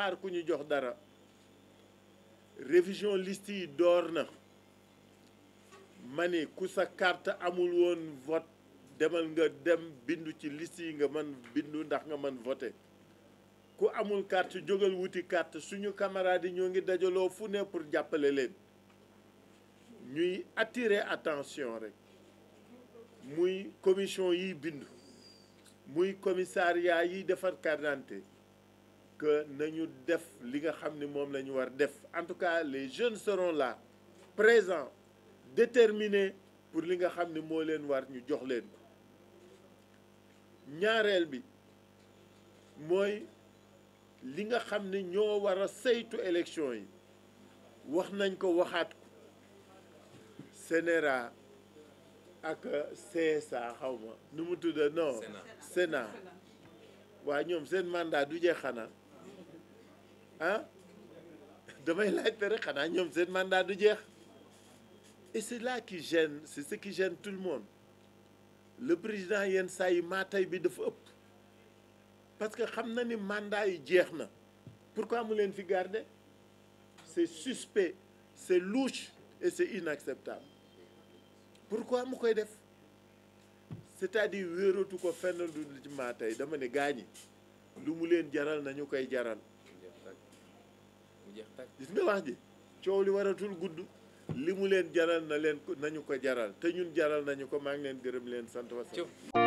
xaar ku ñu jox dara révision liste yi door na ma ni ku sa carte amul woon vote demal nga dem bindu ci list yi nga mën bindu ndax nga mën voter ku amul carte jógal wuti carte suñu camarades yi ñoo ngi dajaloo fu ne pour jàppale leen ñuy attire attention rek muy commission yiy bindu muy commissariat yiy defar carte que nañu def li nga xam ni moom lañu ñu war def en tout cas les jeunes seront la présent déterminés pour li nga xam ni moo leen war ñu jox leen ko ñaareel bi mooy li nga xam ni ñoo war a saytu élection yi wax nañ ko waxaat ko CNRA ak CSA xaw ma nu mu tudda non Sénat waa ñoom seen mandat du jeex xanaa ah damay laajte rek xanaa ñoom seen mandat du jeex et c'est là qui gêne c'est ce qui gêne tout le monde le président yenn saa yi maatay bi dafa ëpp parce que xam na ni mandat yi jeex na pourquoi mu leen fi garder c'est suspect c'est louche et c'est inacceptable pourquoi mu koy def c'est-à-dire wéeratu ko fenn du ci maatay dama ne gaañi lu mu leen jaral nañu koy jaral gis nga wax ji coow li waratul gudd li mu leen jaral na leen ko nañu ko jaral te ñun jaral nañu ko maa ngi leen gërëm leen sant wa